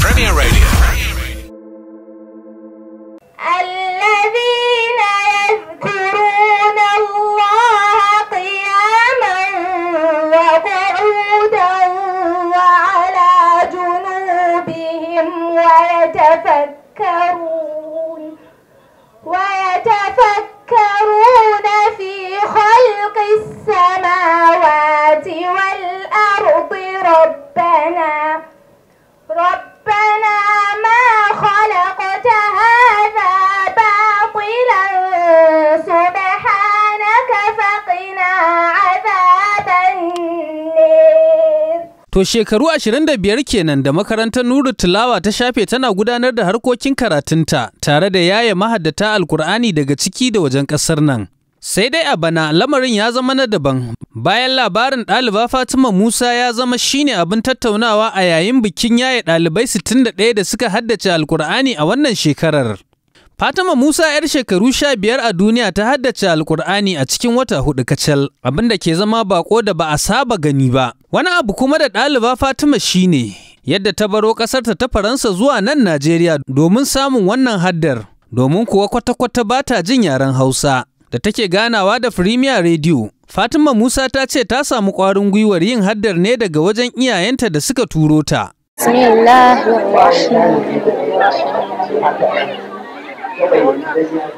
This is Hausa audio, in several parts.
Premier Radio. To shekaru biyar kenan da makarantar Nuru Tilawa ta shafe tana gudanar da harkokin karatunta tare da yaye mahaddata Alkur'ani daga ciki da wajen ƙasar nan. Sai dai a bana lamarin ya zama na daban bayan labarin ɗaliba Fatima Musa ya zama shine abin tattaunawa a yayin bikin yaye ɗalibai 61 da suka haddace Alkur'ani a wannan shekarar. Fatima Musa 'yar shekaru sha biyar a duniya ta haddace Alƙur'ani a cikin wata hudu kacal, abin da ke zama bako da ba a saba gani ba. Wani abu kuma da ɗaliba Fatima shi ne. yadda ta baro ƙasarta ta Faransa zuwa nan Najeriya domin samun wannan haddar, domin kuwa kwata-kwata ba ta jin yaren Hausa. Da take ganawa da Firimiya Radio, Fatima Musa ta ce ta samu ƙwarin gwiwar yin haddar ne daga wajen iyayenta da suka turo ta.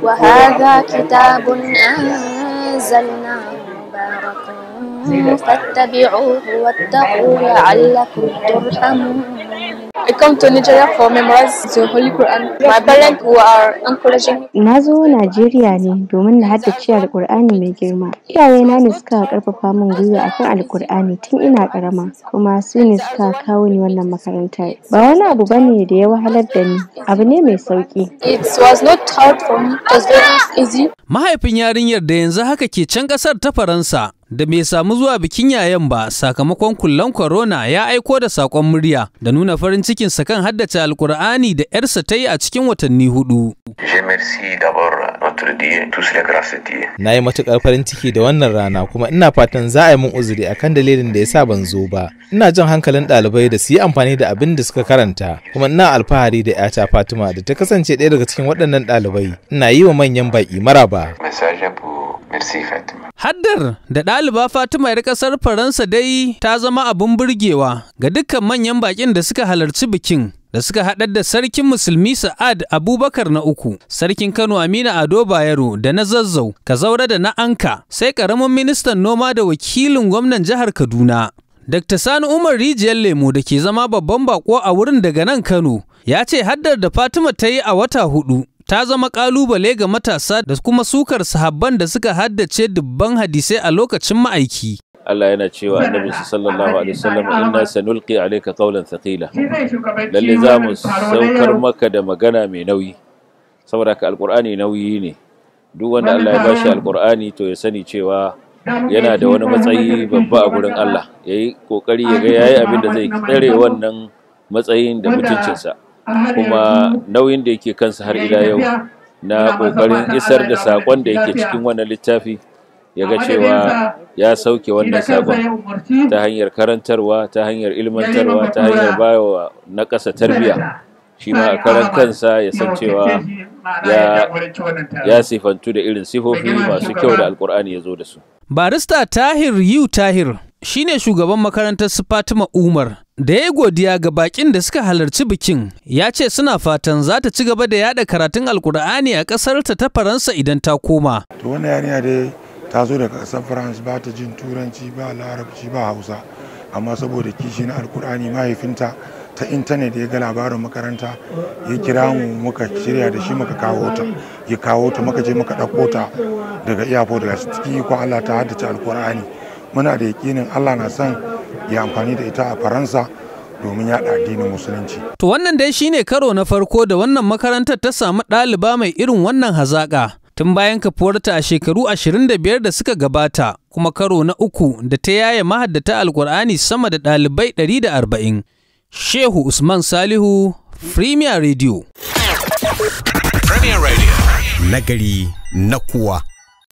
وهذا كتاب أنزلناه مبارك فاتبعوه واتقوا لعلكم ترحمون I come to Nigeria for memorize the Holy Quran. My parents who are encouraging Na zo Najeriya ne domin na haddace Alƙur'ani mai girma. Iyayena ne suka karfafa min gwiwa akan Alƙur'ani tun ina karama kuma su ne suka kawo ni wannan makaranta. Ba wani abu bane da ya wahalar da ni, abu ne mai sauki. It was not hard for me, it was very easy. Mahaifin yarinyar da yanzu haka ke can ƙasar ta Faransa da bai samu zuwa bikin yayan ba sakamakon kullan corona ya aiko da sakon murya da nuna farin cikin sa kan haddace alkur'ani da yarsa ta yi a cikin watanni hudu. Na yi matuƙar farin ciki da wannan rana kuma ina fatan za a yi min uzuri akan dalilin da ya sa ban zo ba. Ina jan hankalin ɗalibai da su yi amfani da abin da suka karanta kuma ina alfahari da 'yata Fatima da ta kasance ɗaya daga cikin waɗannan ɗalibai. Ina yi wa manyan baƙi maraba. ba. Merci Fatima. Haddar da ɗaliba Fatima 'yar ƙasar Faransa dai ta zama abin burgewa ga dukkan manyan baƙin da suka halarci bikin. da suka haɗar da sarkin musulmi sa'ad abubakar na uku sarkin kano amina ado bayero da na zazzau kazaura da na anka sai ƙaramin ministan noma da wakilin gwamnan jihar kaduna dr sani umar rijiyar lemo da ke zama babban bako a wurin daga nan kano ya ce haddar da fatima ta yi a wata hudu ta zama ƙalubale ga matasa da kuma sukar sahabban da suka haddace dubban hadisai a lokacin ma'aiki. Allah yana cewa annabi sallallahu alaihi wasallam inna sanulqi alayka qawlan thaqila lalle za mu saukar maka da magana mai nauyi saboda ka alqur'ani nauyi ne duk wanda Allah ya bashi alqur'ani to ya sani cewa yana da wani matsayi babba a gurin Allah yayi kokari ya ga yayi abin da zai tsare wannan matsayin da mutuncinsa kuma nauyin da yake kansa har ila yau na ƙoƙarin isar da saƙon da yake cikin wannan littafi ya ga cewa ya sauke wannan saƙon ta hanyar karantarwa ta hanyar ilmantarwa ta hanyar bayawa na ƙasa tarbiyya shi ma a karan kansa ya san cewa ya sifantu da irin sifofi masu kyau da alkur'ani ya zo da su barista tahir yu tahir shi ne shugaban makarantar su Fatima Umar da ya godiya ga bakin da suka halarci bikin ya ce suna fatan za ta ci gaba da yada karatun alkur'ani a ƙasarta ta Faransa idan ta koma. To wannan yarinya dai ta zo daga ƙasar faransa ba ta jin turanci ba larabci ba Hausa amma saboda kishi na alkur'ani mahaifinta ta intanet ya ga labarin makaranta ya kira mu muka shirya da shi muka kawo ta ya kawo ta muka je muka ɗauko ta daga airport daga ciki ko Allah ta haddace alkur'ani muna da yakinin Allah na son ya amfani da ita a Faransa domin yaɗa addinin musulunci. To wannan dai shine karo na farko da wannan makarantar ta samu ɗaliba mai irin wannan hazaƙa. Tun bayan kafuwarta a shekaru 25 da suka gabata, kuma karo na uku da ta yaya mahaddata alkur'ani sama da ɗalibai 140. Shehu Usman Salihu, Premier Radio. Premier Radio. Nagari na kuwa.